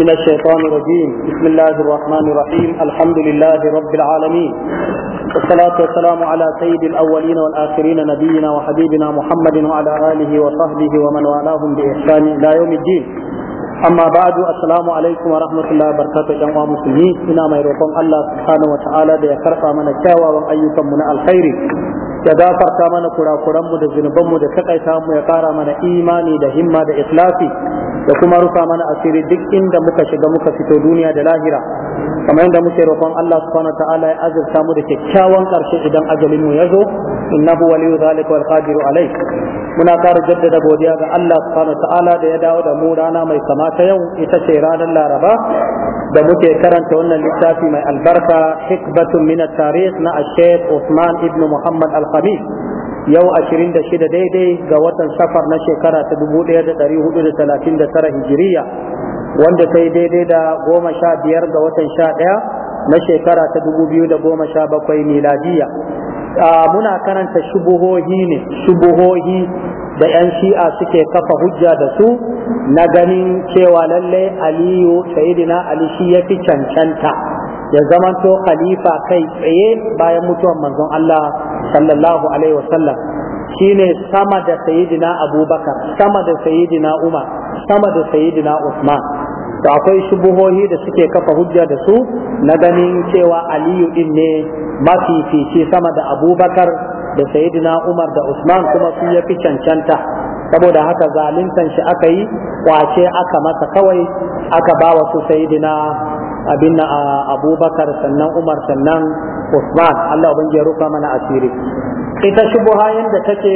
من الشيطان الرجيم بسم الله الرحمن الرحيم الحمد لله رب العالمين والصلاة والسلام على سيد الأولين والآخرين نبينا وحبيبنا محمد وعلى آله وصحبه ومن والاهم بإحسان إلى يوم الدين أما بعد السلام عليكم ورحمة الله وبركاته جمع مسلمين إنا ما يروقون الله سبحانه وتعالى بيكرق من الشاوى وأيكم من الخير ya gafarta mana kurakuranmu da zunubanmu da takaita mu ya kara mana imani da himma da ikhlasi da kuma rufa mana asiri duk inda muka shiga muka fito duniya da lahira kamar yadda muke roƙon Allah subhanahu ta'ala ya azurta mu da kyakkyawan ƙarshe idan ajalin mu ya zo innahu waliyu zalika wal qadiru alayk muna ƙara jaddada godiya ga Allah subhanahu ta'ala da ya dawo da mu rana mai sama ta yau ita ce ranar Laraba da muke karanta wannan littafi mai albarka hikbatun min at-tarikh na Sheikh Usman ibn Muhammad Al-Khamis yau 26 daidai ga watan safar na shekara ta 1439 hijiriya wanda ta yi daidai da goma sha biyar ga watan sha ɗaya na shekara ta 2017 miladiya muna karanta shubuhohi ne shubuhohi da 'yan shi'a suke kafa hujja da su na ganin cewa lallai aliyu sayidina ali shi ya fi cancanta ya zamanto khalifa kai tsaye bayan mutuwan manzon Allah sallallahu alaihi wasallam shine sama da sayyidina abubakar sama da sayyidina umar sama da sayyidina usman to akwai shubuhohi da suke kafa hujja da su na ganin cewa aliyu din ne mafifici sama da abubakar da sayyidina umar da usman kuma su yafi cancanta saboda haka zaluntan shi aka yi kwace aka masa kawai aka ba wa su sayyidina abin na abubakar sannan umar sannan usman allah ubangiji ya rufa mana asiri ita shubuha yadda take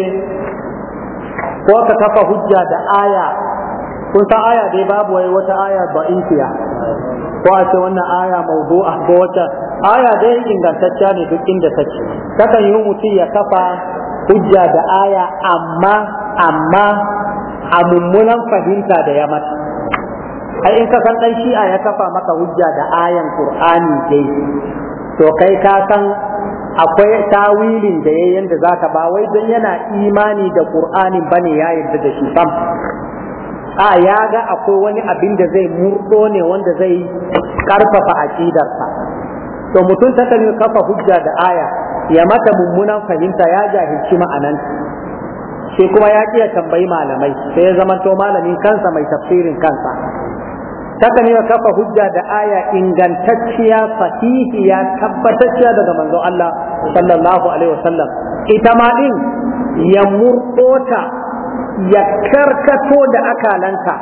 ko ka kafa hujja da aya kun san aya dai babu wai wata aya ba inkiya ko a ce wannan aya mawdu'a ko wata aya dai ingantacciya ne duk inda take kakan yi mutum ya kafa hujja da aya amma amma a mummunan fahimta da ya mata ai in ka san dan shi'a ya kafa maka hujja da ayan qur'ani dai to kai ka san akwai tawilin da yayin yanda zaka ba wai dan yana imani da qur'ani bane ya yarda da shi sam a ya ga akwai wani abin da zai murdo ne wanda zai karfafa aqidarsa to mutum ta kafa hujja da aya ya mata mummunan fahimta ya jahilci ma'anan sai kuma ya ƙi tambayi malamai sai ya zama to malamin kansa mai tafsirin kansa kakan yi kafa hujja da aya ingantacciya fatihiya tabbatacciya daga manzo Allah sallallahu alaihi wasallam ita ma din ya murkota ya karkato da akalanka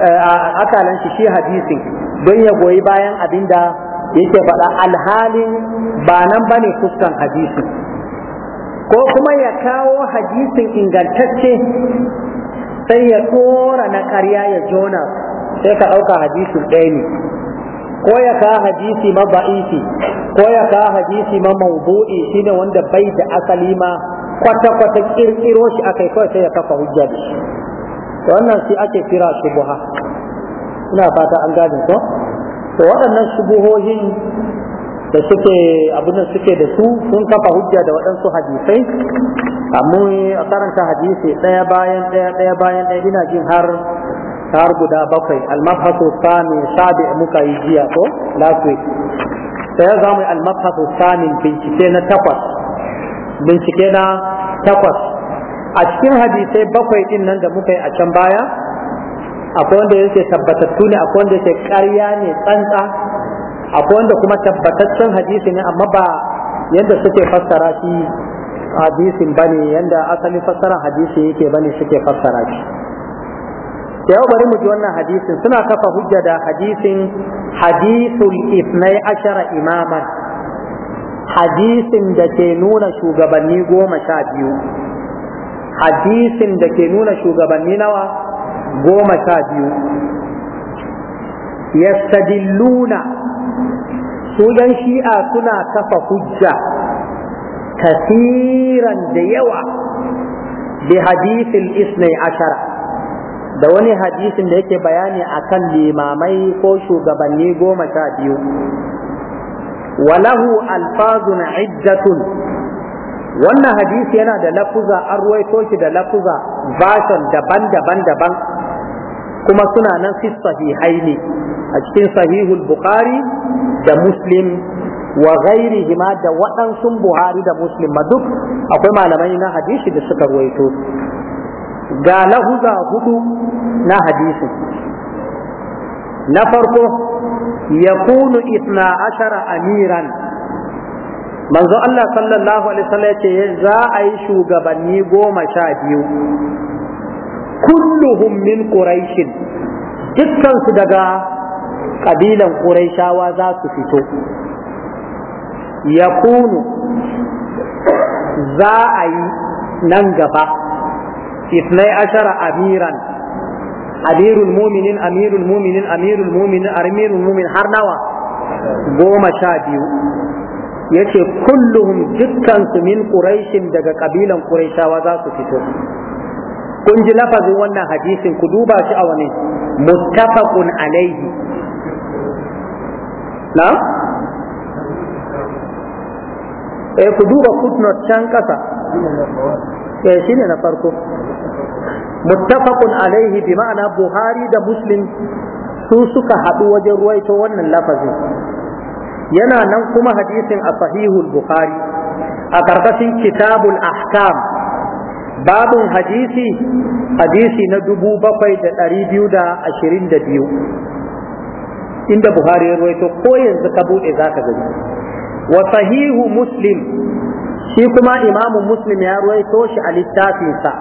eh, akalan shi shi hadisin don ya goyi bayan abinda yake faɗa alhalin ba nan bane fuskan hadisi ko kuma ya kawo hadisin ingantacce sai ya tsora na karya ya jona sai ka ɗauka hadisi ɗaya ne ko ya ka hadisi ma ba'isi ko ya ka hadisi ma mawdu'i shine wanda bai da asali ma kwata kwata kirkiro shi akai kawai sai ya kafa hujja da shi to wannan shi ake kira shubuha ina fata an gane ko to waɗannan shubuhohin da suke abin da suke da su sun kafa hujja da waɗansu hadisai amma a karanta hadisi ɗaya bayan ɗaya ɗaya bayan ɗaya ina jin har har guda bakwai almafasu sami sabi muka yi jiya ko last week sai ya zamu almabhasu sami bincike na takwas bincike na takwas a cikin hadisai bakwai din nan da muka yi a can baya akwai wanda yake tabbatattu ne akwai wanda yake ƙarya ne tsantsa akwai wanda kuma tabbataccen hadisi ne amma ba yadda suke fassara shi hadisin bane yadda asalin fassara hadisi yake bane suke fassara shi yau bari mu ji wannan hadisin suna kafa hujja da hadisin hadisul ifnai ashara imaman hadisin da ke nuna shugabanni goma sha biyu hadisin da ke nuna shugabanni nawa goma sha biyu yastadilluna su yan shi'a suna kafa hujja kasiran da yawa bi hadisil isnai ashara da wani hadisin da yake bayani a kan limamai ko shugabanni goma sha biyu walahu alfazun iddatun wannan hadisi yana da lafuza an ruwaito shi da lafuza version daban-daban daban kuma suna nan fi sahihai a cikin sahihul bukhari da muslim wa ghairihima da waɗansu buhari da muslim ma duk akwai malamai na hadisi da suka ruwaito ga lahuza hudu na hadisin na farko ya kunu itna ashara amiran manzo Allah sallallahu alaihi wasallam ce za a yi shugabanni goma sha biyu kulluhum min dukkan dukkansu daga kabilan quraishawa za su fito ya kunu za a yi nan gaba اثني عشر أميرا أمير المؤمنين أمير المؤمنين أمير المؤمنين أمير المؤمنين har nawa goma sha biyu yace kullum dukkansu min quraishin daga kabilan quraishawa za su fito kun ji lafazin wannan hadisin ku duba shi a wani muttafaqun alaihi eh ku duba footnote can kasa eh ne na farko muttafaqun alaihi bi ma'ana buhari da muslim su suka haɗu wajen ruwaito wannan lafazin yana nan kuma hadisin a sahihul bukhari a ƙarƙashin kitabul ahkam babun hadisi hadisi na dubu bakwai da ɗari biyu da ashirin da biyu inda buhari ya ruwaito ko yanzu ka buɗe za ka gani wa sahihu muslim shi kuma imamu muslim ya ruwaito shi a littafinsa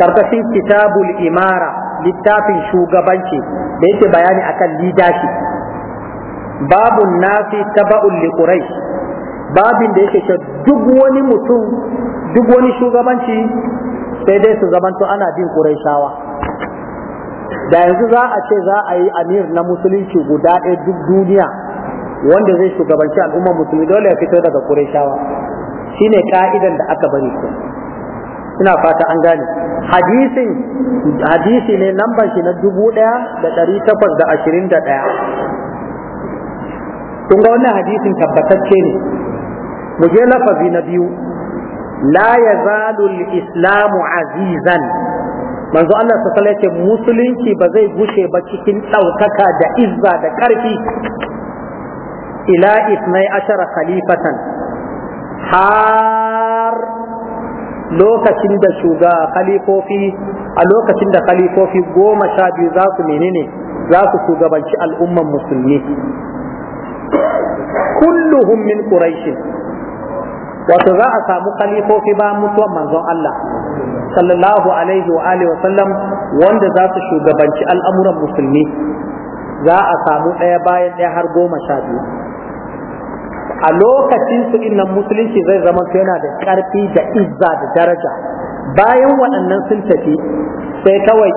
karkashin kitabul imara littafin shugabanci da yake bayani akan lidashi. Babun nafi taba'un li quraish babin da yake ce duk wani mutum duk wani shugabanci sai dai su zamanto ana bin quraishawa da yanzu za a ce za a yi amir na musulunci guda ɗaya duk duniya wanda zai shugabanci al'ummar musulmi dole ya fito daga quraishawa shine ka'idan da aka bari ku ina fata an gane hadisin hadisi ne lambar shi na dubu ɗaya da ɗari takwas da ashirin da ɗaya kun ga wannan hadisin tabbatacce ne mu je lafazi na biyu la ya al-islamu azizan manzo Allah ta sallai ce musulunci ba zai gushe ba cikin ɗaukaka da izza da ƙarfi ila isnai ashara khalifatan har lokacin da shuga khalifofi a lokacin da khalifofi goma sha biyu za su menene za su shugabanci al'umman musulmi kulluhum min ƙuraishin, wato za a samu khalifofi ba mutuwan manzon Allah sallallahu alaihi wa alihi wa sallam wanda za su shugabanci al'amuran musulmi za a samu ɗaya bayan ɗaya har goma sha biyu a lokacin su innan musulunci zai zama yana da ƙarfi da izza da daraja bayan waɗannan sun tafi sai kawai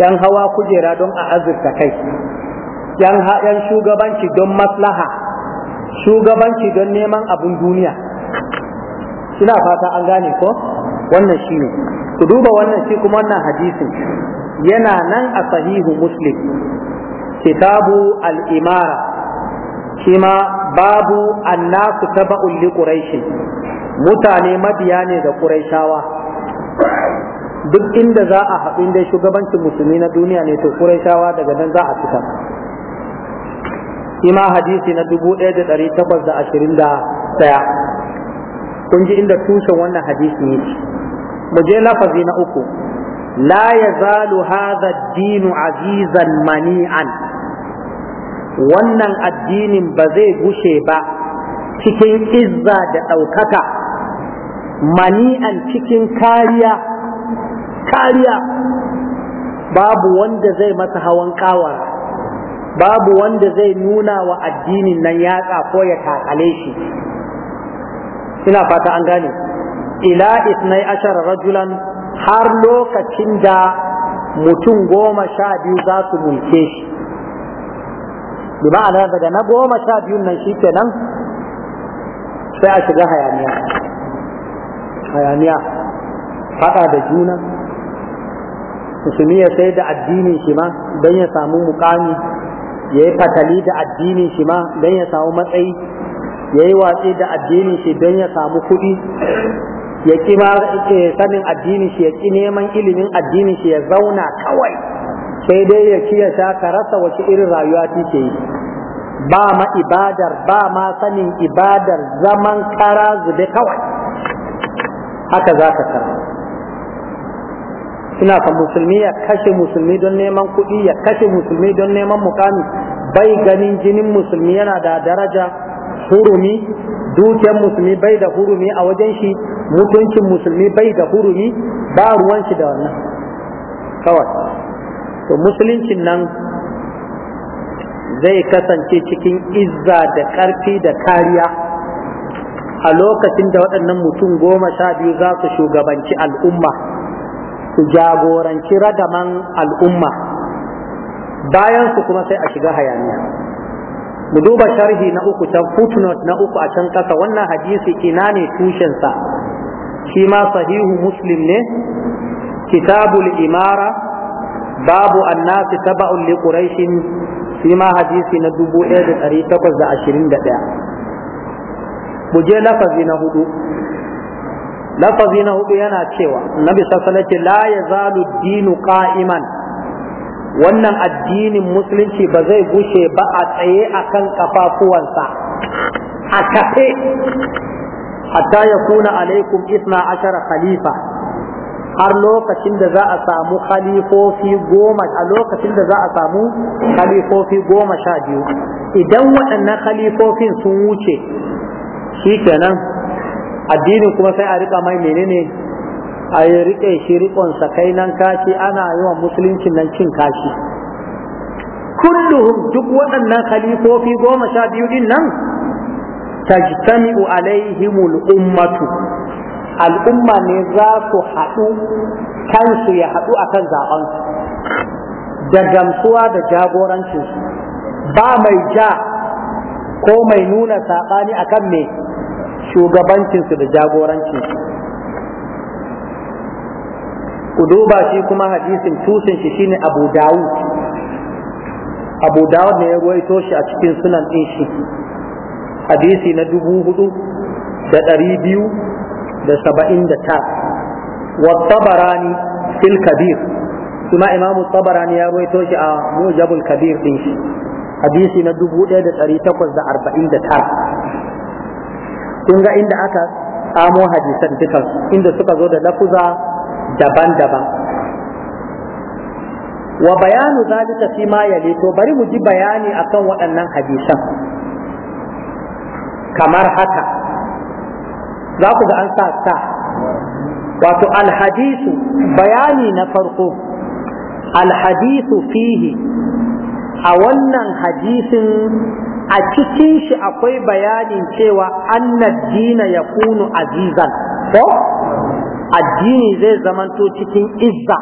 yan hawa kujera don a azurta kai yan shugabanci don maslaha shugabanci don neman abin duniya suna fata an gane ko wannan shi ne ku duba wannan shi kuma wannan hadisin yana nan a sahihu muslim kitabu al-imara Ima babu annasu taba'un li quraish mutane mabiya ne da quraishawa duk inda za a haɗu inda shugabancin musulmi na duniya ne to quraishawa daga nan za a fita Ima hadisi na 1821 kun ji inda tushen wannan hadisi ne mu je lafazi na uku la yazalu hadha ad-din azizan mani'an wannan addinin ba zai gushe ba cikin izza da ɗaukaka mani'an cikin kariya kariya babu wanda zai masa hawan kawar babu wanda zai nuna wa addinin nan yatsa ko ya takale shi ina fata an gane ila isnai ashar rajulan har lokacin da mutum goma sha biyu za su mulke shi bi ma'ana daga na goma sha biyun nan shi kenan sai a shiga hayaniya hayaniya faɗa da juna musulmi ya sai da addinin shi ma don ya samu mukami ya yi fatali da addinin shi ma don ya samu matsayi ya yi watsi da addinin shi don ya samu kuɗi ya ƙi ma sanin addinin shi ya ƙi neman ilimin addinin shi ya zauna kawai sai dai ya kiyata ka rasa wace irin rayuwa take yi ba ma ibadar ba ma sanin ibadar zaman kara zube kawai haka za ka kara suna kan musulmi ya kashe musulmi don neman kuɗi ya kashe musulmi don neman mukami bai ganin jinin musulmi yana da daraja hurumi dukiyar musulmi bai da hurumi a wajen shi mutuncin musulmi bai da hurumi ba ruwan shi da wannan kawai to musuluncin nan zai kasance cikin izza da ƙarfi da kariya a lokacin da waɗannan mutum goma sha biyu za su shugabanci al'umma su jagoranci radaman al'umma bayan su kuma sai a shiga hayaniya mu duba sharhi na uku can footnote na uku a can ƙasa. wannan hadisi ina ne tushensa shi ma sahihu muslim ne kitabul imara babu annasi taba'un li quraishin shi hadisi na 1821 mu je lafazi na huɗu, lafazi na hudu yana cewa nabi sallallahu alaihi la yazalu dinu qa'iman wannan addinin musulunci ba zai gushe ba a tsaye akan kafafuwansa a kafe hatta ya kuna alaikum isna ashara khalifa har lokacin da za a samu khalifofi goma a lokacin da za a samu khalifofi goma sha biyu idan waɗannan khalifofin sun wuce shi kenan addinin kuma sai a riƙa mai menene a yi riƙe shi riƙon sa kai nan kashi ana yi wa musulunci nan cin kashi kulluhum duk waɗannan khalifofi goma sha biyu din nan tajtami'u alaihimul ummatu al'umma ne za su haɗu kansu ya haɗu a kan zaɓensu da gamsuwa da jagorancinsu ba mai ja ko mai nuna saɓani a kan me shugabancinsu da jagorancinsu ku duba shi kuma hadisin tusin shi shine abu dawud abu dawud ne ya ruwaito shi a cikin sunan ɗin shi hadisi na dubu hudu da ɗari biyu da saba'in da ta wa fil kabir kuma imamu tabarani ya ruwaito shi a mujabul kabir din shi hadisi na dubu ɗaya da ɗari takwas da arba'in da tara kun ga inda aka samo hadisan dukan inda suka zo da lafuza daban-daban wa bayanu zalika fi ma yali to bari mu ji bayani akan waɗannan hadisan kamar haka za ku ga an sa sa wato alhadisu bayani na farko alhadisu fihi a wannan hadisin a cikin shi akwai bayanin cewa annaddina dina ya kunu azizan ko addini zai zamanto cikin izza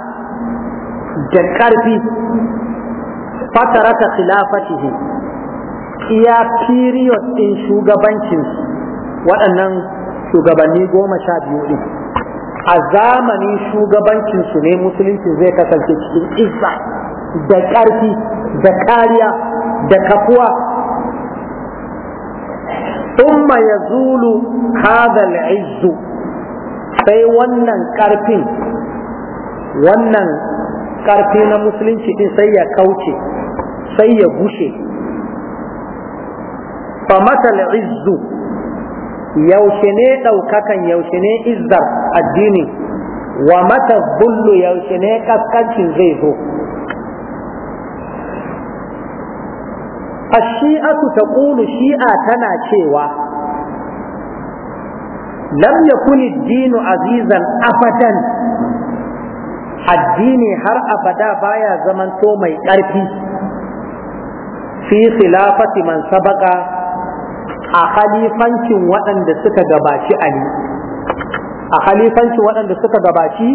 da ƙarfi fatarata khilafatihi iya period din shugabancin waɗannan shugabanni goma sha biyu ɗin a zamanin shugabancinsu ne musulunci zai kasance cikin isa da ƙarfi da kariya da kafuwa ya zulu هذا العز sai wannan ƙarfin wannan ƙarfi na musulunci ɗin sai ya kauce sai ya gushe fa matal izzu yaushe ne ɗaukakan yaushe ne izzar addini wa mata bullu yaushe ne kaskancin zai zo a shi'atu ta ƙulu shi'a tana cewa lam yakuni dinu azizan afatan. addini har abada baya zaman to mai ƙarfi fi khilafati man sabaka a khalifancin waɗanda suka gabaci Ali a khalifancin waɗanda suka gabaci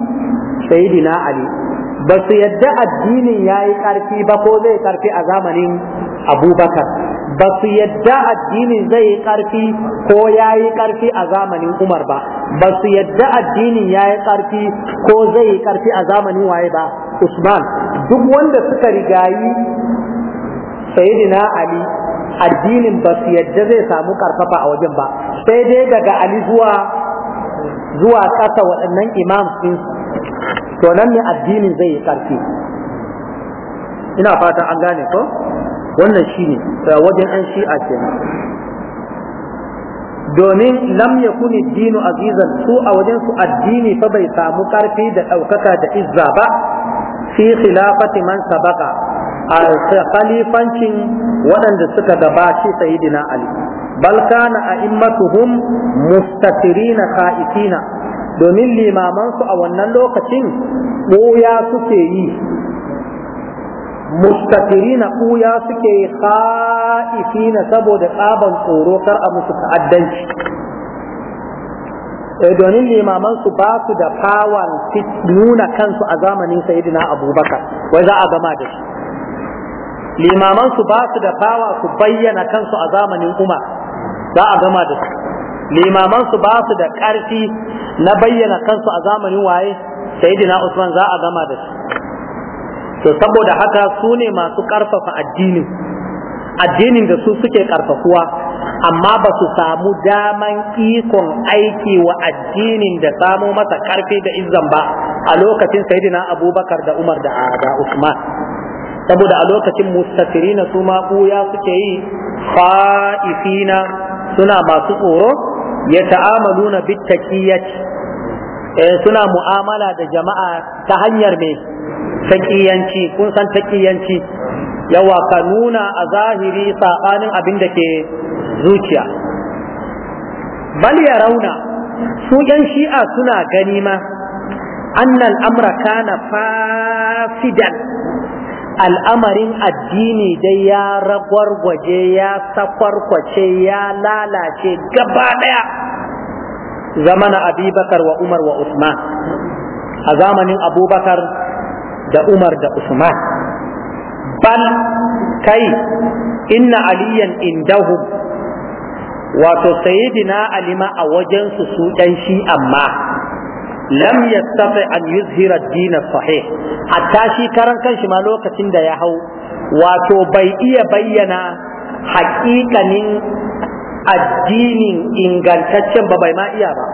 sayyidina Ali ba su yadda addinin ya yi ƙarfi ba ko zai ƙarfi a zamanin abubakar ba su yadda addinin zai yi ƙarfi ko ya yi ƙarfi a zamanin umar ba ba su yadda addinin ya yi ƙarfi ko zai yi ƙarfi a zamanin waye ba usman duk wanda suka rigayi sayidina ali addinin ba su yadda zai samu karfafa a wajen ba sai dai daga ali zuwa zuwa ƙasa waɗannan imam din to nan ne addinin zai yi ƙarfi ina fata an gane ko wannan shine wajen an shi'a kenan domin lam yakuni dinu azizan su a wajen su addini fa bai samu karfi da ɗaukaka da izza ba fi khilafati man sabaka khalifancin waɗanda suka gabaci sayyidina ali bal kana a'immatuhum mustatirina khaifina domin limamansu a wannan lokacin ɓuya suke yi mustatirina ɓuya suke yi saboda tsaban tsoro kar a musu ta'addanci eh, domin limamansu ba su da fawar nuna kansu a zamanin sayidina abubakar wai za a gama da shi limaman su ba su da bawa su bayyana kansu a zamanin umar za a gama da su limaman su ba su da ƙarfi na bayyana kansu a zamanin waye sayyidina usman za a gama da su to saboda haka su ne masu ƙarfafa addinin addinin da su suke ƙarfafuwa amma ba su samu daman ikon aiki wa addinin da samo masa ƙarfi da izzan ba a lokacin sayyidina abubakar da umar da usman saboda a lokacin mustafirina su ma ɓuya suke yi fa'ifina suna masu tsoro ya ta'amalu ta'amaluna bittaqiyyati eh, suna mu'amala da jama'a ta hanyar mai taƙiyanci, kun san taƙiyanci yawa ka nuna a zahiri saɓanin abin da ke zuciya bal ya rauna su yan shi'a suna gani ma annan na kana fasidan al'amarin addini dai ya ragwargwaje ya sakwarkwace ya lalace gaba ɗaya zamana abubakar wa umar wa usman a zamanin abubakar da umar da usman bal kai inna aliyan indahu wato sayidina alima a wajensu su ɗan shi amma lam yastati an yuzhira ad sahih hatta shi karan kanshi ma lokacin da ya hau wato bai iya bayyana hakikanin addinin ingantaccen ba bai ma iya ba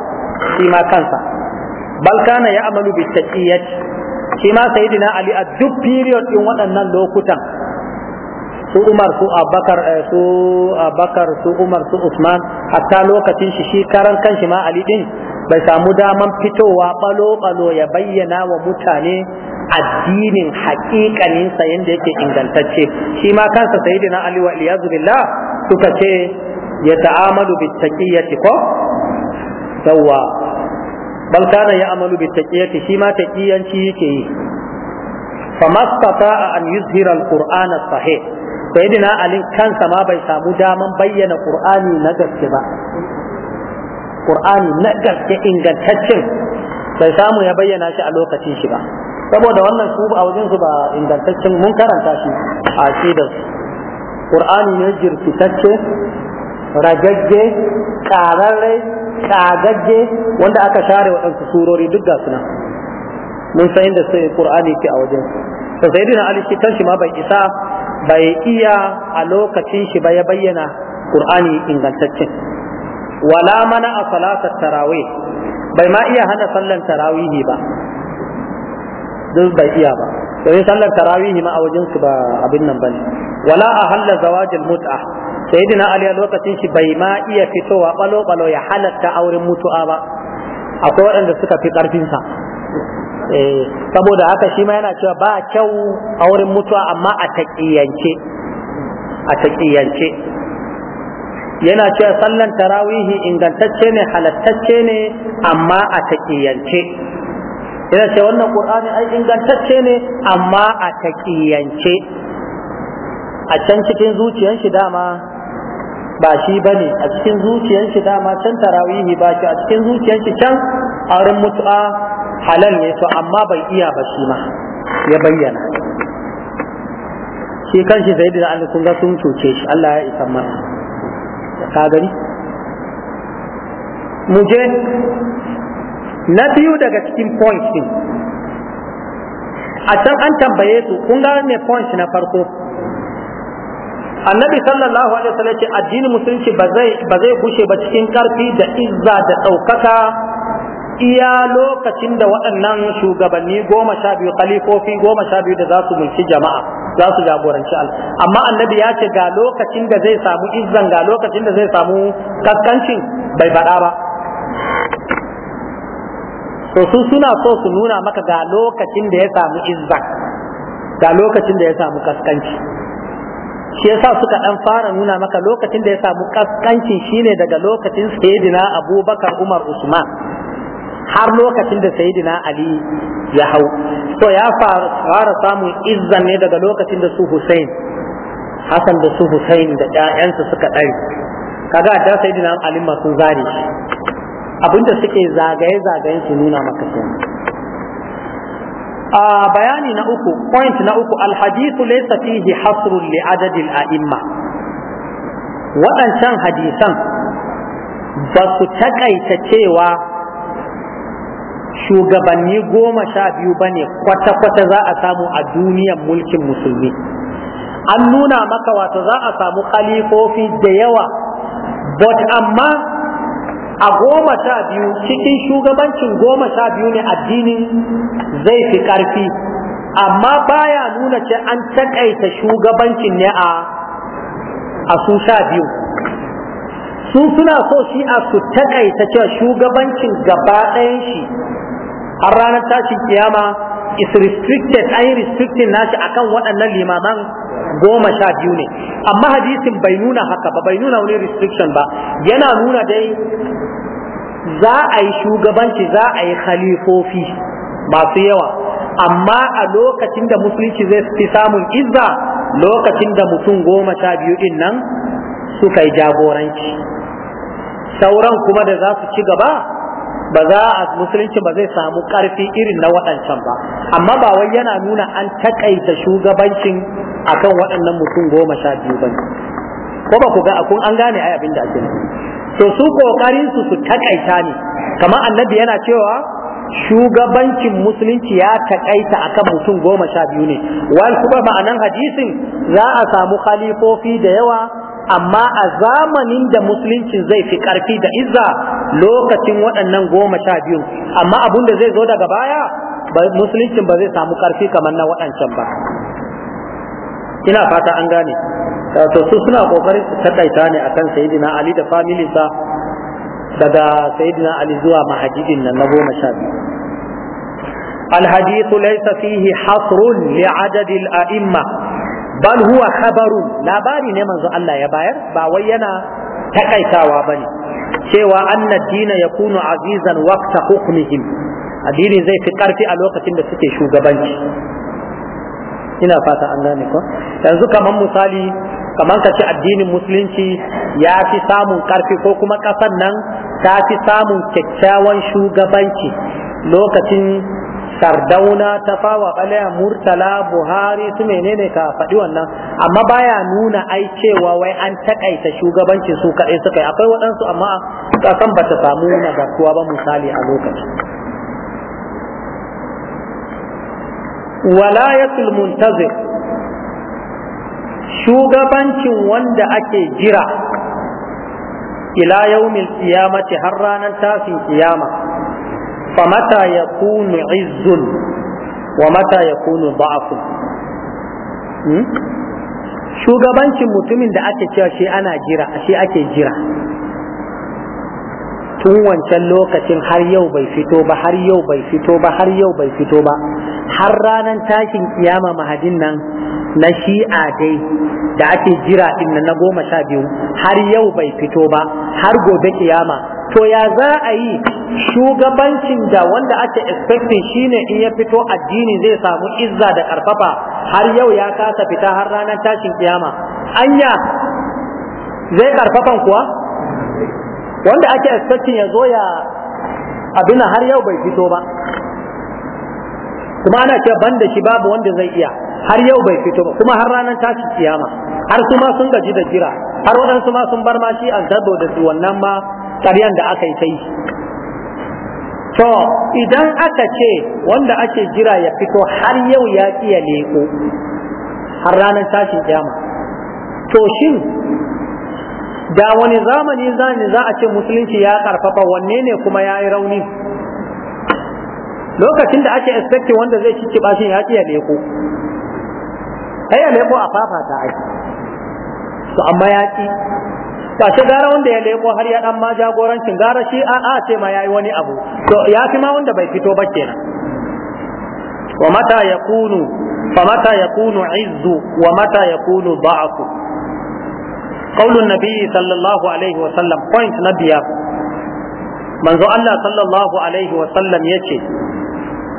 shi ma kansa bal ya amalu bi taqiyyati shi ma sayyidina ali a duk period din waɗannan lokutan su Umar su Abakar, eh, su Abakar, su Umar su Usman hatta lokacin shi shi karan kanshi ma Ali din bai samu daman fitowa balo balo ya bayyana wa mutane addinin hakikanin sa yanda yake ingantacce shi ma kansa sayyidina ali wa iyazu billah suka ce ya ta'amalu bit taqiyati ko sawa bal kana amalu bit taqiyati shi ma taqiyanci yake yi famastata an yuzhira al as sahih sayyidina ali kansa ma bai samu daman bayyana qur'ani na gaske ba qur'ani na gaske ingantaccen bai samu ya bayyana shi a lokacin shi ba saboda wannan su a wajen su ba ingantaccen mun karanta shi a aqidar Qur'ani ne jirkitacce ragagge kararre kagagge wanda aka share waɗansu surori duk ga suna mun san inda sai Qur'ani ke a wajen su to Ali shi ma bai isa bai iya a lokacin shi ba ya bayyana Qur'ani ingantaccen wala mana a salatar tarawih bai ma iya hana sallan tarawihi ba duk bai iya ba domin sallar tarawihi ma a wajen su ba abin nan bane wala a halla zawajil mut'a sayyidina ali a lokacin shi bai ma iya fitowa balo balo ya halatta auren mutu'a ba akwai waɗanda suka fi karfin sa eh, saboda haka shi ma yana cewa ba kyau auren mutuwa amma a taƙiyance a taƙiyance yana cewa sallan tarawihi ingantacce ne halattacce ne amma a taƙiyance ina ce wannan qur'ani ai ingantacce ne amma a taƙiyance a can cikin zuciyar shi dama ba shi bane a cikin zuciyar shi dama can tarawihi ba shi a cikin zuciyar shi can aurin mutu'a halal ne to amma bai iya ba shi ma ya bayyana shi kan shi zai da Allah sun ga sun cuce shi Allah ya isa mana ka gani mu je na biyu daga cikin point din a can an tambaye su kun ga me point na farko annabi sallallahu alaihi wasallam ce addinin musulunci ba zai ba zai ba cikin karfi da izza da ɗaukaka iya lokacin da waɗannan shugabanni goma sha biyu kalifofi goma sha biyu da za su mulki jama'a za su jagoranci al amma annabi ya ce ga lokacin da zai samu izzan ga lokacin da zai samu kaskancin bai baɗa ba to su suna so su nuna maka ga lokacin da ya samu izza ga lokacin da ya samu kaskanci shi yasa suka dan fara nuna maka lokacin da ya samu kaskanci shine daga lokacin sayyidina abubakar umar usman har lokacin da sayyidina ali ya hau to ya fara samun izza ne daga lokacin da su hussein hasan da su hussein da ƴaƴansu suka ɗari kaga da sayyidina ali masu sun zare shi abinda suke zagaye-zagayen su nuna maka kenan a bayani na uku point na uku Alhadisu laysa fihi hasrun li a a'imma waɗancan hadisan ba su takaita cewa shugabanni goma sha biyu ba ne kwata-kwata za a samu a duniyan mulkin musulmi an nuna maka wato za a samu khalifofi da yawa but amma a goma sha biyu cikin shugabancin goma sha biyu ne addini zai fi ƙarfi amma baya nuna ce an takaita shugabancin ne a su sha biyu su suna so shi a su taƙaita cewa shugabancin gaba ɗayan shi har ranar tashin kiyama is restricted an yi restricting nashi akan waɗannan limaman goma sha biyu ne amma hadisin bai nuna haka ba bai nuna wani restriction ba yana nuna dai za a yi shugabanci za a yi khalifofi masu yawa amma a lokacin da musulunci zai fi samun izza lokacin da mutum goma sha biyu din nan suka yi jagoranci sauran kuma da za su ci gaba ba za a musulunci ba zai samu ƙarfi irin na waɗancan ba amma ba wai yana nuna an takaita shugabancin akan waɗannan mutum goma sha biyu ba ko ba ku ga kun an gane ai abin da ake to su kokarin su su takaita ne kamar annabi yana cewa shugabancin musulunci ya takaita akan mutum goma sha biyu ne wani kuma ma'anan hadisin za a samu khalifofi da yawa amma a zamanin da musulunci zai fi karfi da izza lokacin waɗannan goma sha biyu amma abun da zai zo daga baya musuluncin ba zai samu karfi kamar na waɗancan ba ina fata an gane to su suna kokarin su takaita ne akan sayyidina ali da familinsa daga sayyidina ali zuwa mahajibin nan na goma sha biyu الحديث ليس فيه حصر لعدد الأئمة bal huwa khabaru labari ne manzo Allah ya bayar ba wai yana takaitawa bane cewa anna dina yakunu azizan waqta hukmihim addini zai fi karfi a lokacin da suke shugabanci ina fata an gane ko yanzu kaman misali kaman ka ce addinin musulunci ya fi samun karfi ko kuma kasan nan ta fi samun kyakkyawan shugabanci lokacin sardauna ta fawa balaya murtala buhari su menene ka faɗi wannan amma baya nuna ai cewa wai an takaita shugabancin su kaɗai suka yi akwai waɗansu amma kasan ba ta samu nagartuwa ba misali a lokaci walayatul muntazir shugabancin wanda ake jira ila yaumil qiyamati har ranar tashin kiyama فمتى يكون عز ومتى يكون ضعف shugabancin mutumin da ake cewa shi ana jira shi ake jira tun wancan lokacin har yau bai fito ba har yau bai fito ba har yau bai fito ba har ranar tashin kiyama mahadin nan na shi'a dai da ake jira din na goma sha biyu har yau bai fito ba har gobe kiyama to ya za a yi shugabancin da wanda ake expecting shine in ya fito addini zai samu izza da karfafa har yau ya kasa fita har ranar tashin kiyama anya zai karfafan kuwa wanda ake expecting ya zo ya abin har yau bai fito ba kuma ana cewa ban da shi babu wanda zai iya har yau bai fito ba kuma har ranar tashi kiyama har su ma sun gaji da jira har waɗansu ma sun bar ma shi azzabo da su wannan ma ƙaryan da aka yi ta yi to idan aka ce wanda ake jira ya fito har yau ya iya leko har ranar tashi kiyama to shin da wani zamani za a ce musulunci ya karfafa wanne ne kuma ya yi rauni lokacin da ake expecting wanda zai cici bashin ya ci ya leko ai ya leko a fafa ta ai to amma ya ci. ba ce gara wanda ya leko har ya dan ma jagorancin gara shi a a ce ma yayi wani abu to ya fi ma wanda bai fito ba kenan wa mata yakunu fa mata yakunu izzu wa mata yakunu da'fu qaulun nabi sallallahu alaihi wa sallam point na biyar manzo Allah sallallahu alaihi wa sallam yace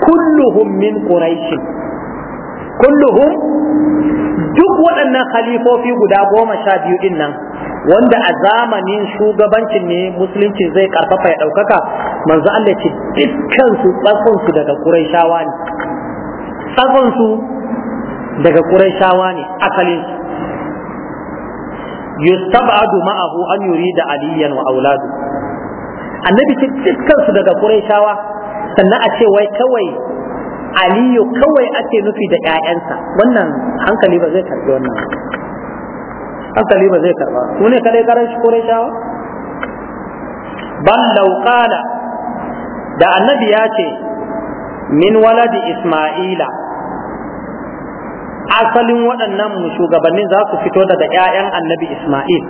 kulluhum min quraish kulluhum duk waɗannan khalifofi guda goma sha biyu din nan wanda a zamanin shugabancin ne musulunci zai karfafa ya ɗaukaka manzo Allah ce dukkan su tsakon su daga quraishawa ne tsakon su daga quraishawa ne asalin yustab'adu ma'ahu an yurida aliyan wa auladu annabi ce dukkan su daga quraishawa sannan a ce wai kawai aliyu kawai ake nufi da ƴaƴansa wannan hankali ba zai karbi wannan hankali ba zai karba su ne kadai karanci kore shawa ban lauƙala da annabi ya ce min waladi isma'ila asalin waɗannan mu shugabannin za su fito daga ƴaƴan annabi isma'il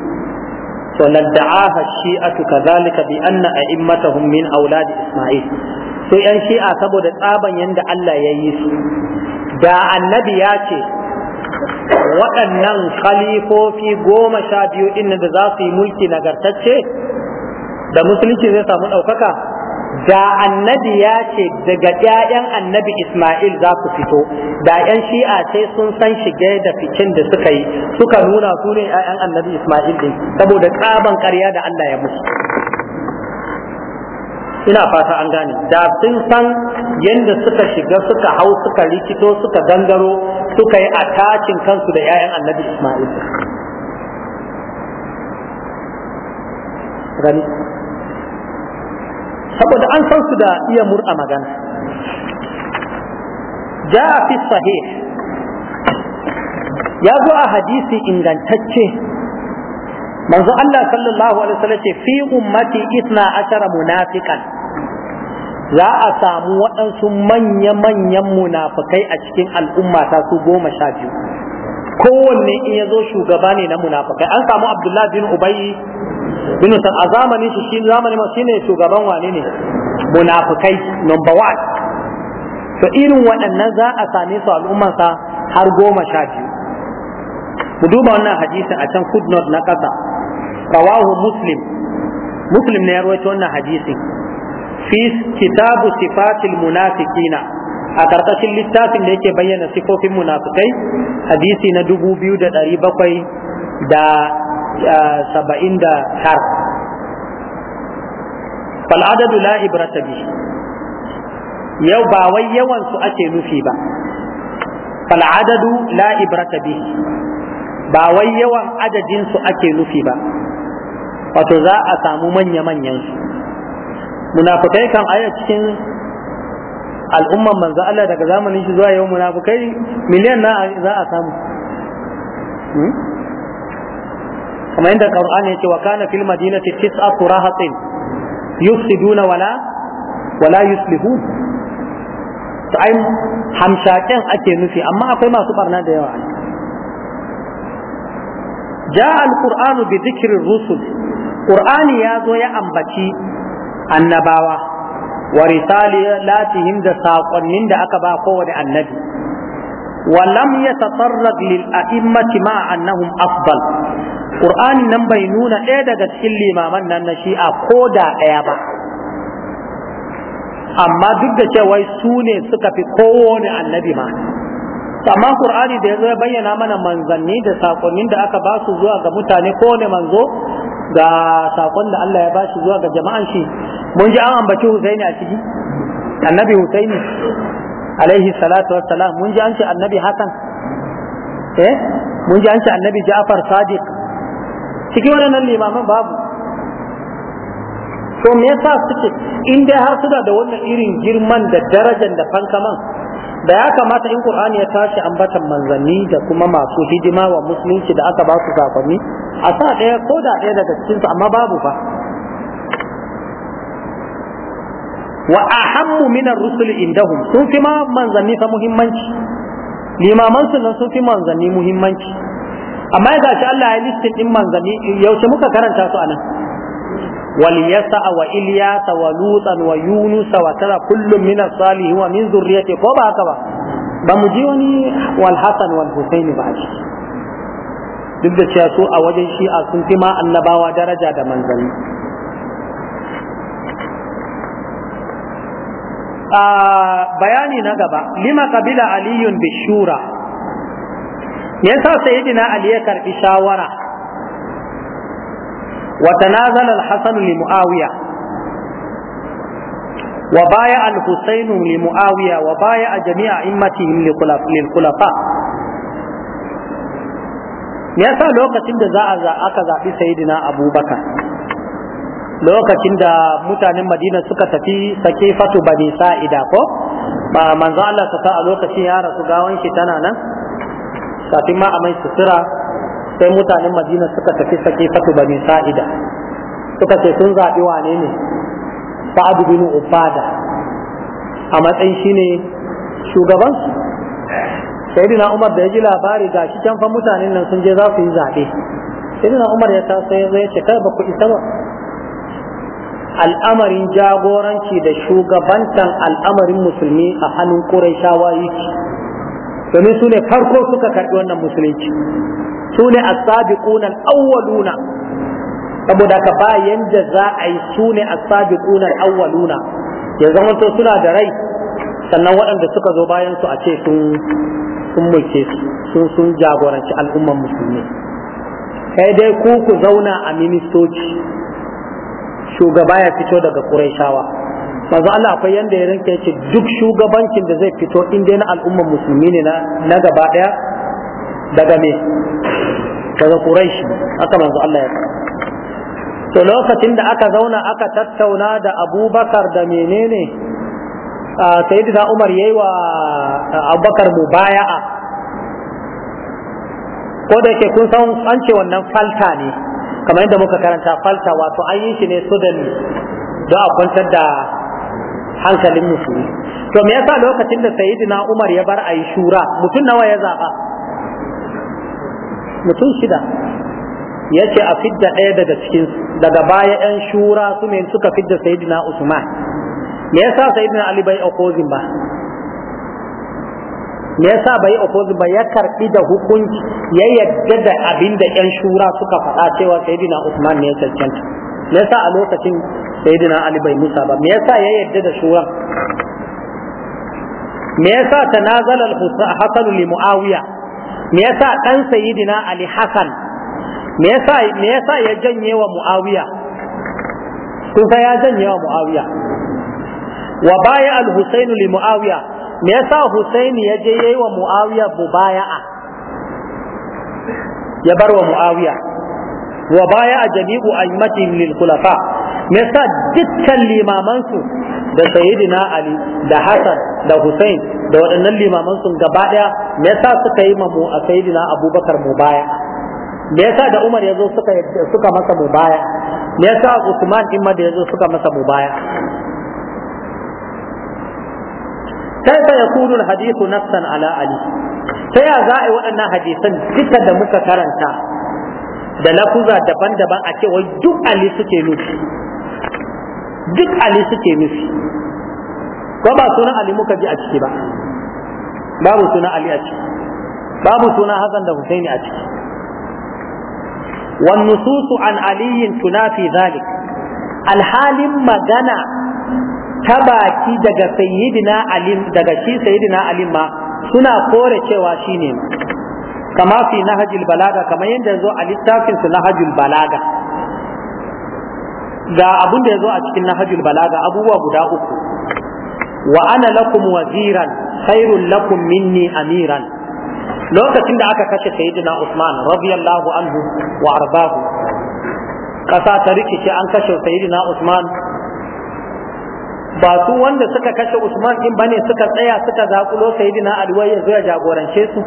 ولدعاها الشيعة كذلك بأن أئمتهم من أولاد Isma'il. sai yan shi'a saboda tsaban yadda Allah ya yi su da annabi ya ce waɗannan khalifofi goma sha biyu ɗin da za su yi mulki nagartacce da musulunci zai samu ɗaukaka da annabi ya ce daga ƴaƴan annabi Ismail za ku fito da yan shi'a sai sun san shige da fikin da suka yi suka nuna su ne ƴaƴan annabi Ismail ɗin, saboda tsaban ƙarya da Allah ya musu ina fata an gane da sun san yadda suka shiga suka hau suka rikito suka gangaro suka yi atacin kansu da 'ya'yan annabi ismail gani saboda an san su da iya mur'a magana ja a fi sahih ya zo a hadisi ingantacce manzo Allah sallallahu alaihi wasallam ce fi ummati isna ashara munafiqan za a samu waɗansu manya-manyan munafikai a cikin al'umma ta su goma sha biyu kowanne in ya zo shugaba ne na munafikai an samu abdullahi bin ubayi bin san a zamanin shi zamanin shi ne shugaban wane ne munafukai number one to irin waɗannan za a same su al'ummarsa har goma sha biyu mu duba wannan hadisin a can footnote na ƙasa rawahu muslim muslim ne ya rawaito wannan hadisi fi kitabu sifatil Munafikina a karkashin littafin da yake bayyana sifofin munafikai hadisi na dubu biyu da ɗari bakwai da eh, saba'in da tar fal'adadu la ibrata bi ba wai yawan su ake nufi ba fal'adadu la ibrata ba wai yawan adadin su ake nufi ba wato za a samu manya-manyan su munafukai kan aya cikin al'umman manzo Allah daga zamanin shi zuwa yau munafukai miliyan na za a samu hmm? kamar inda Qur'an ya ce wa kana fil madinati tis'atu rahatin yufsiduna wala wala yuslihun to ai hamshaken ake nufi amma akwai masu barna da yawa جاء القرآن بذكر الرسل qur'ani ya zo ya ambaci annabawa wa risalatihim da saƙonnin da aka ba kowane annabi wa lam yatatarrag lil a'immati ma annahum afdal qur'ani nan bai nuna ɗaya daga cikin limaman nan na shi'a ko da ɗaya ba amma duk da cewa su ne suka fi kowane annabi ma amma ƙur'ani da yazo ya bayyana mana manzanni da sakonni da aka ba su zuwa ga mutane kowane manzo ga sakon da Allah ya bashi zuwa ga jama'an shi mun ji an ambaci Husaini a ciki annabi Husaini alaihi salatu wassalam mun ji an ce annabi Hassan eh mun ji an ce annabi Ja'far Sadiq cikin wannan limaman babu to me yasa suke in dai har suna da wannan irin girman da darajar da fankaman da ya kamata in Qur'ani ya tashi ambatan manzanni da kuma masu hidima wa musulunci da aka ba su sakonni a sa ɗaya ko da ɗaya daga cikinsu amma babu fa wa ahammu min ar-rusul indahum sun fi ma manzanni fa muhimmanci limaman sun fi manzanni muhimmanci amma ga Allah ya listin ɗin manzanni yaushe muka karanta su anan waliyasa wa ilyasa wa lutan wa yunus wa kaza kullum min as wa min zurriyyati ko ba haka ba ba mu ji wani wal Walhussaini ba shi duk da cewa a wajen shi'a sun fi ma annabawa daraja da manzanni a bayani na gaba lima kabila aliyun bishura me yasa sayyidina ali ya karbi shawara wa tanazala al-hasan li muawiya wa baya al-husayn li muawiya wa baya jami'a immatihim lil khulafa me yasa lokacin da za a aka zaɓi sayidina abubakar lokacin da mutanen madina suka tafi sake fatu bani sa'ida ko ba manzo Allah ta a lokacin ya rasu gawan shi tana nan kafin ma a mai sutura sai mutanen madina suka tafi sake fatu bani sa'ida suka ce sun zaɓi wane ne sa'ad bin ubada a matsayin shine shugaban sayyidina Umar da ya ji labari ga shi can fa mutanen nan sun je za su yi zaɓe sayyidina Umar ya taso ya zai ce kai ba ku isa ba al'amarin jagoranci da shugabantan al'amarin musulmi a hannun Qurayshawa yake domin su ne farko suka karɓi wannan musulunci su ne as-sabiquna al-awwaluna saboda ka ba yanda za a yi sune ne as-sabiquna al-awwaluna ya zama to suna da rai sannan waɗanda suka zo bayan su a ce sun sun mulke su sun jagoranci al'umman musulmi kai dai ku ku zauna a ministoci shugaba ya fito daga Qurayshawa manzo Allah akwai yanda ya ya ce duk shugabancin da zai fito in dai na al'umman musulmi ne na gaba daya daga me daga Quraysh aka manzo Allah ya to lokacin da aka zauna aka tattauna da Abubakar da menene sayyidina Umar yayi wa Abubakar baya. ko da yake kun san an ce wannan falta ne kamar yadda muka karanta falta wato an yi shi ne sudan don a kwantar da hankalin musulmi to me yasa lokacin da sayidina Umar ya bar ayi shura mutum nawa ya zaɓa? mutum shida ya ce a fidda ɗaya daga cikin daga baya 'yan shura su ne suka fidda sayidina Usman me yasa sayyidina ali bai opposing ba me yasa bai opposing ba ya karbi da hukunci ya yadda da abinda yan shura suka faɗa cewa sayyidina usman ne ya cancanta me yasa a lokacin sayyidina ali bai musa ba me yasa ya yadda da shura me yasa tanazala al-hasan li muawiya me yasa dan sayyidina ali hasan me yasa me yasa ya janye wa muawiya kun ya janye wa muawiya wa baya al-husainu li muawiya me yasa husaini ya je yayi wa muawiya mubaya'a ya bar wa muawiya wa baya a jami'u aimatihim lil khulafa me yasa dukkan limaman su da sayyidina ali da hasan da husain da waɗannan limaman su gaba daya me yasa suka yi mamu a sayyidina abubakar baya? me yasa da umar ya zo suka suka masa baya? me yasa usman imma da ya zo suka masa baya? kaifa yakunu alhadithu nafsan ala ali ta ya za a waɗannan hadisan duka da muka karanta da lafuza daban-daban a cewa duk ali suke nufi duk ali suke nufi ko ba sunan ali muka ji a ciki ba babu suna ali a ciki babu suna hasan da husaini a ciki والنصوص an علي tunafi zalik. Alhalin magana. ta baki daga sayyidina alim daga shi sayyidina alim ma suna kore cewa shine kama fi nahjul balaga kamar yadda yazo a littafin su nahjul balaga ga abun da yazo a cikin nahjul balaga abubuwa guda uku wa ana lakum waziran khairul lakum minni amiran lokacin da aka kashe sayyidina Usman radiyallahu anhu wa arbahu kasa ta rikice an kashe sayyidina Usman ba su wanda suka kashe Usman din bane suka tsaya suka zakulo Sayyidina Ali wai ya zo ya jagorance su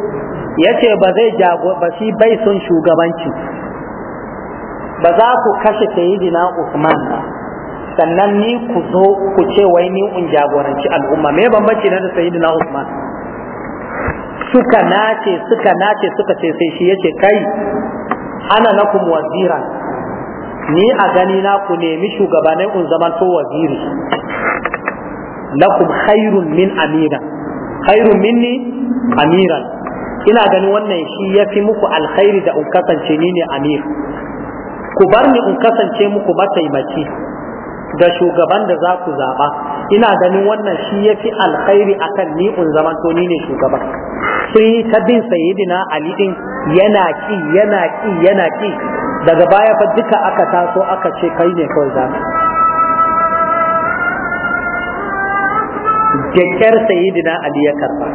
yace ba zai jago ba shi bai son shugabanci ba za ku kashe Sayyidina Usman sannan ni ku zo ku ce wai ni in jagoranci al'umma me bambanci na da Sayyidina Usman suka nace suka nace suka ce sai shi yace kai ana lakum wazira ni a gani na ku nemi shugabanai in zama to waziri lakum khairun min amira khairun minni amira ina ganin wannan shi ya fi muku alkhairi da in kasance ni ne amir ku bar ni in kasance muku mataimaki da shugaban da za ku zaɓa ina ganin wannan shi ya fi alkhairi akan ni in zaman to ni ne shugaban sun yi ta bin sayidina ali din yana ki yana ki yana ki daga baya fa duka aka taso aka ce kai ne kawai za da sayyidina ali ya karba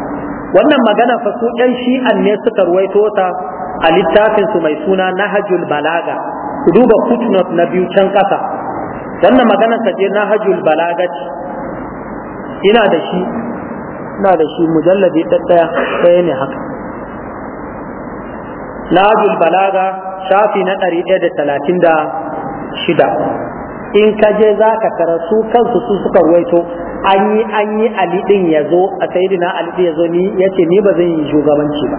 wannan magana fa su ɗan shi'an ne suka ruwaito ta a littafin su mai suna Nahjul balaga ku duba footnote na biyu can ƙasa wannan magana ta je Nahjul balaga ce ina da shi ina da shi mujalladi daya sai ne haka Nahjul balaga shafi na 136 ɗaya da talatin da shida in ka je za ka karasu kansu su suka ruwaito an yi an yi ali din ya zo a sayidina ali din ya zo ni ya ce ni ba zan yi shugabanci ba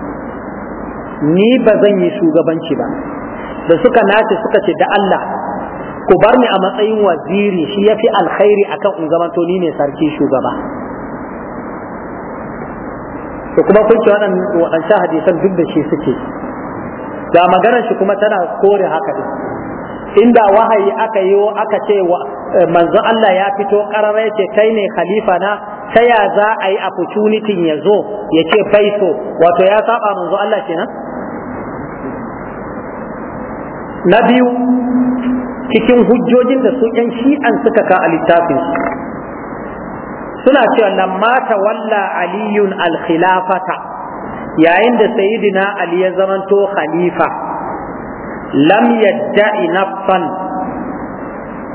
ni ba zan yi shugabanci ba da suka nace suka ce da Allah ku bar ni a matsayin waziri shi ya fi alkhairi akan in zamanto ni ne sarki shugaba to kuma kun ce waɗancan hadisan duk da shi suke da maganar shi kuma tana kore haka din inda wahayi aka yi aka ce eh, manzon Allah ya fito karara ya ce kai ne khalifa na ta ya za a yi opportunity ya zo ya ce faiso wato ya saba manzon Allah kenan na biyu cikin hujjojin da su yan shi'an suka ka a littafin suna cewa lamma walla aliyun al yayin da saidina ali ya zamanto khalifa lam yadda'i nafsan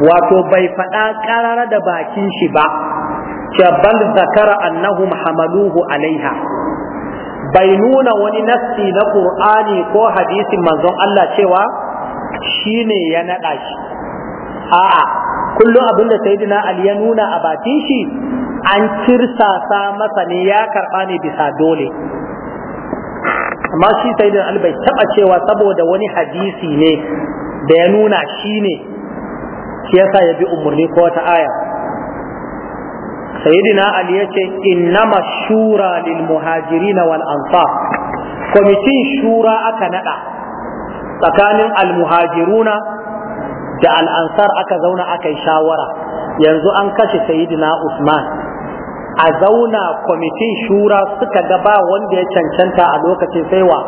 wato bai faɗa ƙarara da bakin shi ba ce bal zakara annahum hamaluhu alaiha bai nuna wani nassi na ƙur'ani ko hadisin manzon Allah cewa ne ya naɗa shi a'a kullum abin da saidina ali ya nuna a bakin shi an cirsasa masa ne ya karɓa ne bisa dole amma shi sayyidina ali bai taba cewa saboda wani hadisi ne da ya nuna shi ne shi yasa ya bi umarni ko wata aya sayyidina ali ya ce innama shura lil muhajirin wal ansar kwamitin shura aka nada tsakanin almuhajiruna da al'ansar aka zauna aka yi shawara yanzu an kashe sayyidina usman a zauna kwamitin shura suka ga ba wanda ya cancanta a lokacin sai wa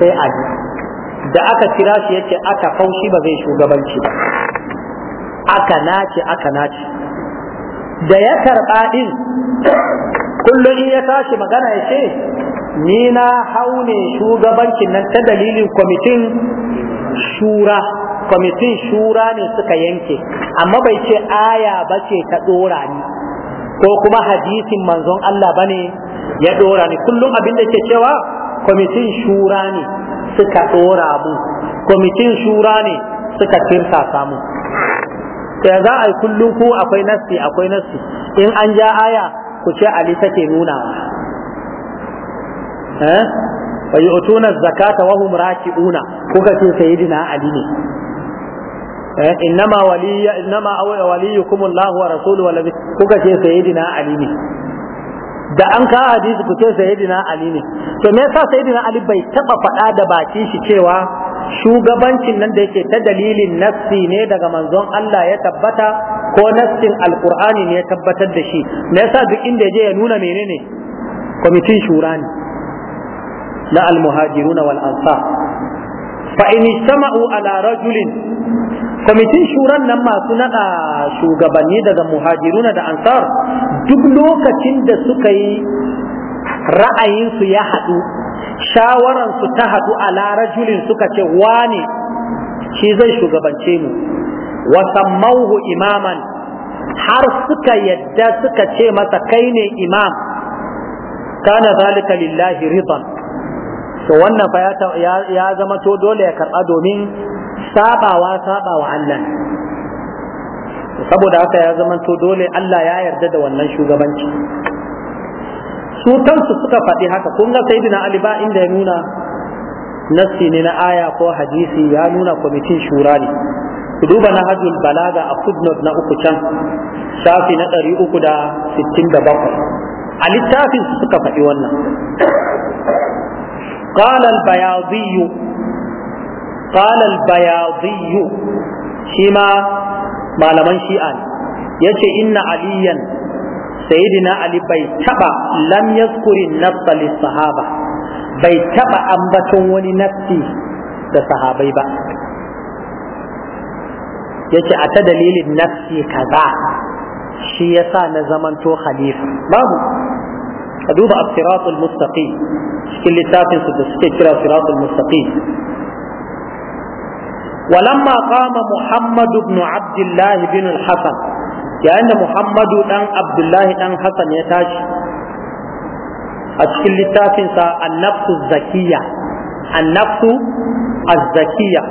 sai da aka kira shi yace aka faushi ba zai shugabanci ba aka nace aka nace da ya karɓa ɗin kullum in ya tashi magana ya ce ni na haune shugabancin nan ta dalilin kwamitin shura kwamitin shura ne suka yanke amma bai ce aya ba ce ta ɗora ni ko kuma hadisin manzon Allah bane ya dora ni kullum abin da ke cewa kwamitin shura ne suka dora mu kwamitin shura ne suka kirta samu sai za a yi kullum ku akwai nassi akwai nassi in an ja aya ku ce ali take nuna eh wa yu'tuna zakata wa hum raki'una kuka ce sayyidina ali ne Eh, innama waliya innama waliyukum Allah wa rasuluhu wa wal kuka ce sayyidina ali ne da an ka hadisi ku ce sayyidina ali ne to me yasa sayyidina ali bai taba faɗa da baki shi cewa shugabancin nan da yake ta dalilin nafsi ne daga manzon Allah ya tabbata ko nassin alqur'ani ne ya tabbatar da shi me yasa duk inda je ya nuna menene kwamitin shura ne na al almuhajiruna wal ansar fa in ijtama'u ala rajulin kwamitin shuran nan masu nada shugabanni daga muhajiruna da ansar duk lokacin da suka yi ra'ayinsu ya haɗu shawararsu ta haɗu a larajulin suka ce wane shi zai shugabance mu mauhu imaman har suka yadda suka ce masa kai ne imam kana zalika lillahi ridan to wannan fa ya zama to dole ya karɓa domin sabawa sabawa Allah saboda haka ya zamanto dole Allah ya yarda da wannan shugabanci su kansu suka faɗi haka kun ga sayyidina Ali ba inda ya nuna nassi ne na aya ko hadisi ya nuna kwamitin shura ne ku duba na hajjul balaga a footnote na uku can shafi na ɗari uku da sittin da bakwai a littafin suka faɗi wannan قال البياضي qala al-bayadhi shi ma malaman shi'a yace inna aliyan sayidina ali bai taba lam yazkuri sahaba bai taba ambaton wani nafsi da sahabai ba yace a ta dalilin nafsi kaza shi yasa na zamanto khalifa babu a duba as-siratul mustaqim cikin littafin su da suke kira siratul mustaqim ولما قام محمد بن عبد الله بن الحسن يعني محمد بن عبد الله بن حسن يتاج أشكل لتافن النفس الزكية النفس الزكية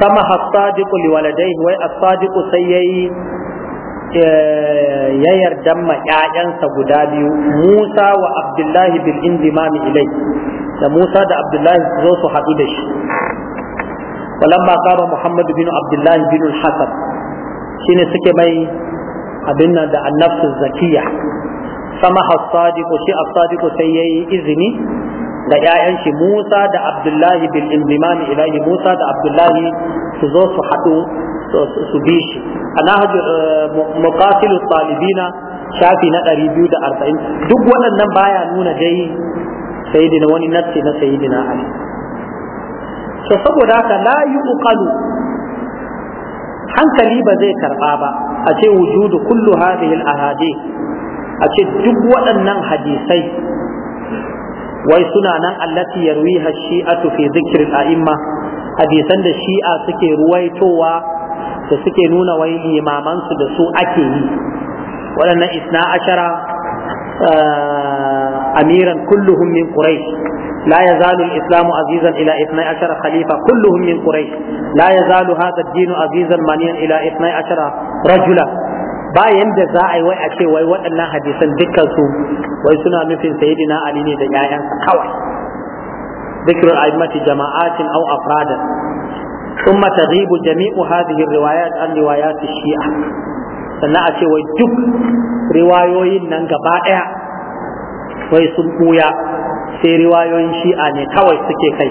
سمح الصادق لولديه وي الصادق سيئي ya yarda ma ‘ya'yansa guda biyu Musa wa Abdullahi bil indimami ilai da Musa da Abdullahi zo su haɗu da shi walamma qama muhammad bin abdullah bin al-hasan shine suke mai abin nan da annafsu zakiya samaha sadiqu shi as-sadiqu sai yayi izini da ƴaƴan shi Musa da Abdullahi bil inzimami ilahi Musa da Abdullahi su zo su haɗu su bi shi ana eh, muqatilu talibina shafi na 240 duk waɗannan baya nuna dai sayyidina wani na sayyidina Ali to saboda haka la yuqalu hankali ba zai karba ba a ce wujudu kullu hadhihi al ahadi. a ce duk waɗannan hadisai wai suna nan allati yarwiha shi'atu fi dhikr al-a'imma hadisan da shi'a suke ruwaitowa da suke nuna wai imaman su da su ake yi waɗannan isna ashara eh, amiran kulluhum min quraish لا يزال الإسلام عزيزا إلى 12 خليفة كلهم من قريش لا يزال هذا الدين عزيزا مانيا إلى 12 رجلا bayan da za a yi wai a ce wai waɗannan hadisan dukkan su wai suna nufin sayyidina ali ne da ƴaƴansa kawai ذكر أئمة جماعات أو أفرادا ثم تغيب جميع هذه الروايات عن روايات shi'a. sannan a ce wai duk riwayoyin nan gaba ɗaya wai sun ɓuya sai riwayoyin shi'a ne kawai suke kai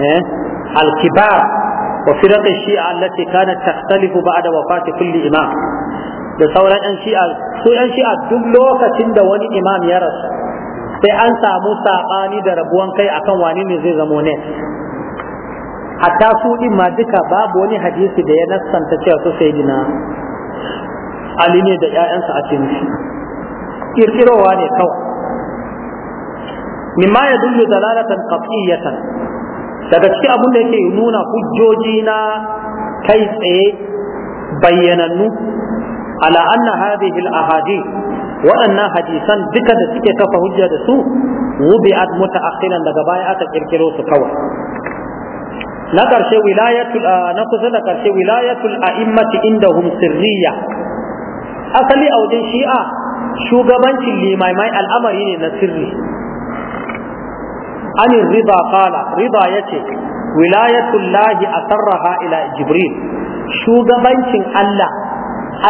eh? al-kibar wa firaq shi'a allati kanat takhtalifu ba'da wafati kulli imam da sauran yan shi'a su yan shi'a duk lokacin da wani imam ya rasu sai an samu sabani da rabuwan kai akan wani ne zai zamo ne hatta su din ma duka babu wani hadisi da ya nassanta cewa su sayyidina ali ne da ƴaƴansa a cikin shi kirkirowa ne kawai mimma ya dullu dalalatan qat'iyatan daga cikin abin da yake nuna hujjoji na kai tsaye bayyanannu ala anna hadhihi al ahadith waɗannan hadisan duka da suke kafa hujja da su wubi'at mutaakhiran daga baya aka kirkiro su kawai na karshe wilayatul na kusa da karshe wilayatul a'immati indahum sirriya asali a wajen shi'a shugabancin limamai al'amari ne na sirri عن الرضا قال رضا يتي ولاية الله أسرها إلى جبريل شو غبنشن الله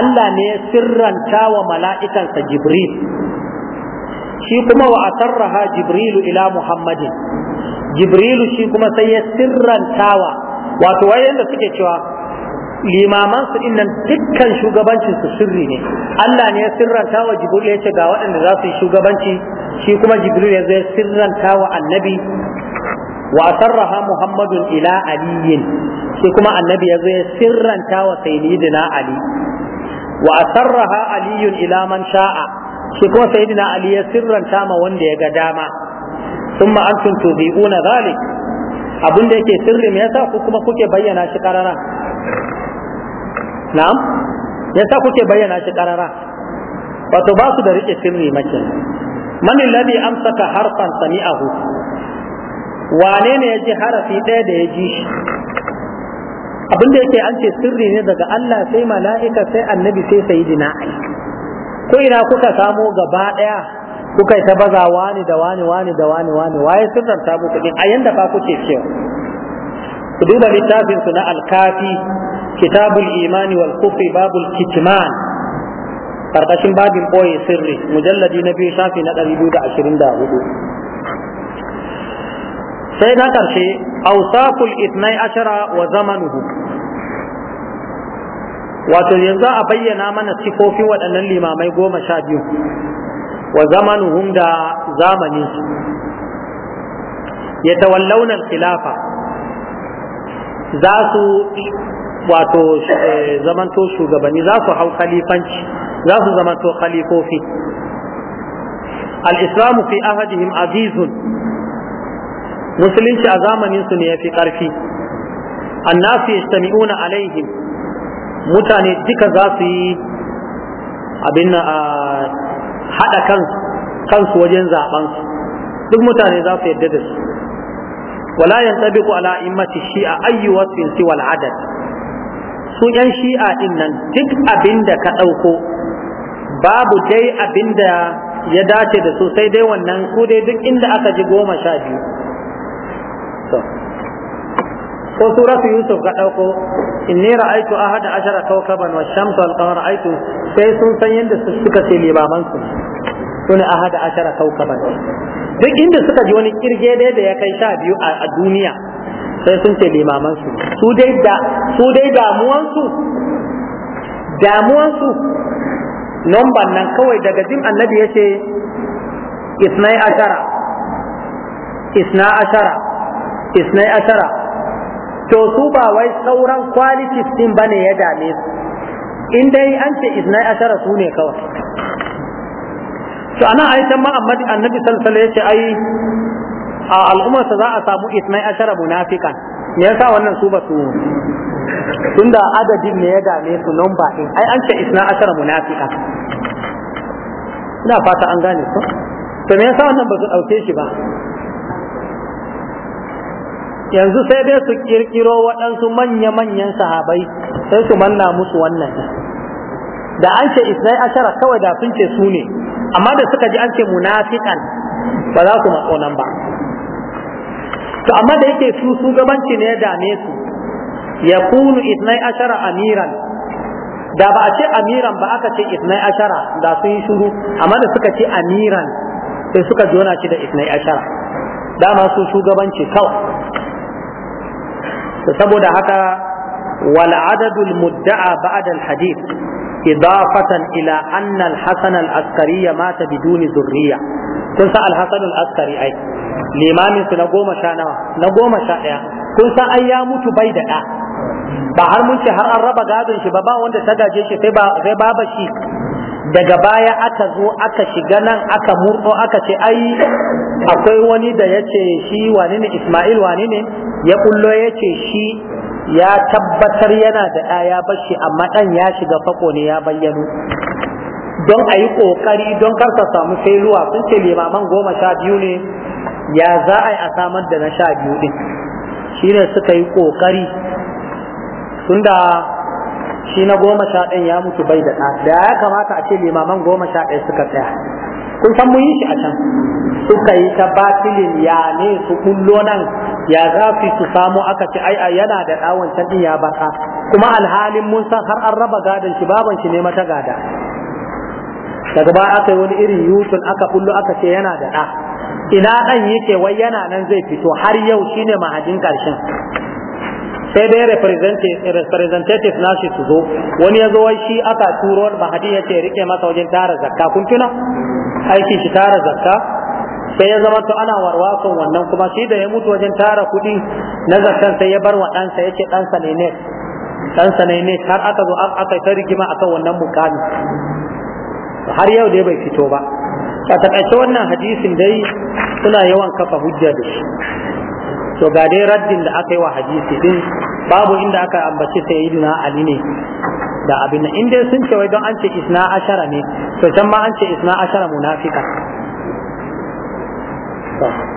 الله ني سرا تاوى ملائكة جبريل shi kuma wa asarraha jibrilu ila muhammadin jibrilu shi kuma sai ya sirrantawa wato suke cewa limaman su dinnan dukkan shugabancinsu sirri ne Allah ne ya sirranta wa Jibril ya ce ga waɗanda za su yi shugabanci shi kuma Jibril ya zai sirranta wa Annabi wa asarraha Muhammadun ila aliyin shi kuma Annabi ya zai sirranta wa Sayyidina Ali wa asarraha aliyun ila man sha'a shi kuma Sayyidina Ali ya sirranta ma wanda ya ga dama thumma antum tudiuna dhalik abin da yake sirri me yasa ku kuma kuke bayyana shi karara na'am yasa kuke bayyana shi karara wato ba su da rike sirri makin man alladhi amsaka harfan sami'ahu wane ne ya ji harafi ɗaya da ya ji shi abin da yake an ce sirri ne daga Allah sai mala'ika sai annabi sai sayyidina ai ko ina kuka samo gaba ɗaya kuka yi ta baza wani da wani wani da wani wani waye sirran ta muku a yanda fa kuke cewa ku duba littafin su na alkafi kitabul imani wal kufri babul kitman karkashin babin boye sirri mujalladi na biyu shafi na 224 sai na karshe awsaful itnai ashara wa wato yanzu a bayyana mana sifofin waɗannan limamai goma sha biyu wa zamanuhum da zamani ya tawallaunar khilafa za su wato eh, zamanto shugabanni za su hau khalifanci za su zamanto khalifofi al-islamu fi ahadihim azizun musulunci a zamanin su ne yafi karfi annasu yastami'una alaihim mutane duka za su yi abin a haɗa kansu wajen zaben duk mutane za su yarda da su wala yantabiqu ala immati shi'a ayyu wasfin siwa al-adad su yan shi'a ɗin nan duk abin da ka ɗauko babu dai abin da ya dace da su sai dai wannan ko dai duk inda aka ji goma sha biyu ko suratu yusuf ka ɗauko inni ra'aitu ahada ashara kawkaban wa shamsu alƙawar qamara sai sun san yadda suka ce limaman su a ahada ashara kawkaban duk inda suka ji wani kirge da ya kai sha biyu a duniya sai sun ce limamansu su dai da su dai damuwansu damuwansu nomban nan kawai daga jin annabi yace isnai ashara isna ashara isnai ashara to su ba wai sauran qualities din bane ya dame su in dai an ce isnai ashara su ne kawai to ana ai can ma annabi sallallahu alaihi wasallam yace ai a al'ummarsa za a samu ismai ashara munafikan me yasa wannan su ba su tunda adadin ne ya dame su number din ai an ce isna ashara munafikan ina fata an gane ko to me yasa wannan ba su dauke shi ba yanzu sai dai su kirkiro waɗansu manya-manyan sahabai sai su manna musu wannan da an ce isnai ashara kawai da sun ce su ne amma da suka ji an ce munafikan ba za su matso nan ba to amma da yake su shugabanci ne ya dame su ya kunu itnai ashara amiran da ba a ce amiran ba aka ce itnai ashara da sun yi shuru amma da suka ce amiran sai suka jona shi da itnai ashara dama su shugabanci kawai saboda haka wal adadul mudda'a ba'da al hadith idafatan ila anna al hasan al askari mata biduni zurriya kun san alhassanul askari ai limamin su na goma sha nawa na goma sha ɗaya kun san ai ya mutu bai da ɗa ba har mun ce har an raba gadon shi ba ba wanda ta gaje shi sai ba sai baba shi daga baya aka zo aka shiga nan aka murɗo aka ce ai akwai wani da ya ce shi wani ne Ismail wani ne ya kullo ya ce shi ya tabbatar yana da ɗa ya bar amma ɗan ya shiga fako ne ya bayyano don a yi ƙoƙari don karsa samu sai luwa, sun ce limaman goma sha biyu ne ya za a yi a samar da na sha biyu ɗin shi ne suka yi ƙoƙari da shi na goma sha ɗin ya mutu bai da ɗa da ya kamata a ce limaman goma sha ɗaya suka tsaya kun san mun yi shi a can suka yi ta batilin ya ne su kullo nan ya za su su samu aka ce ai yana da ɗawan can ɗin ya baka kuma alhalin mun san har an raba gadon shi baban shi ne mata gada daga ba aka yi wani irin yutun aka bullo aka ce yana da ɗa ina ɗan yake wai yana nan zai fito har yau shine mahadin karshen sai dai representative na shi su zo wani ya zo wai shi aka turo mahadin ya ce rike masa wajen tara zakka kun tuna aiki shi tara zakka sai ya zama to ana warwason wannan kuma shi da ya mutu wajen tara kuɗi na zakkan sai ya bar wa ɗansa ya ce ɗansa ne ne ɗansa ne ne har aka zo aka yi ta rigima akan wannan mukami har yau dai bai fito ba a takaice wannan hadisin dai suna yawan kafa hujja da shi to ga dai raddin da aka yi wa hadisi din babu inda aka ambaci sayyidina ali ne da abin nan in dai sun ce wai don an ce isna ashara ne to can ma an ce isna ashara munafika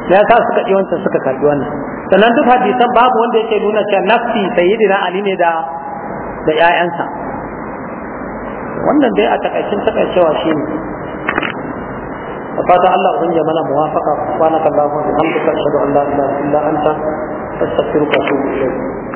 ya sa suka yi wancan suka karbi wannan sannan duk hadisan babu wanda yake nuna cewa nafsi sayyidina ali ne da da wannan dai a takaicin takaicewa shi ne da fata Allah ubin ya mana muwafaka subhanaka allahumma bihamdika ashhadu an la ilaha illa anta astaghfiruka wa atubu ilayk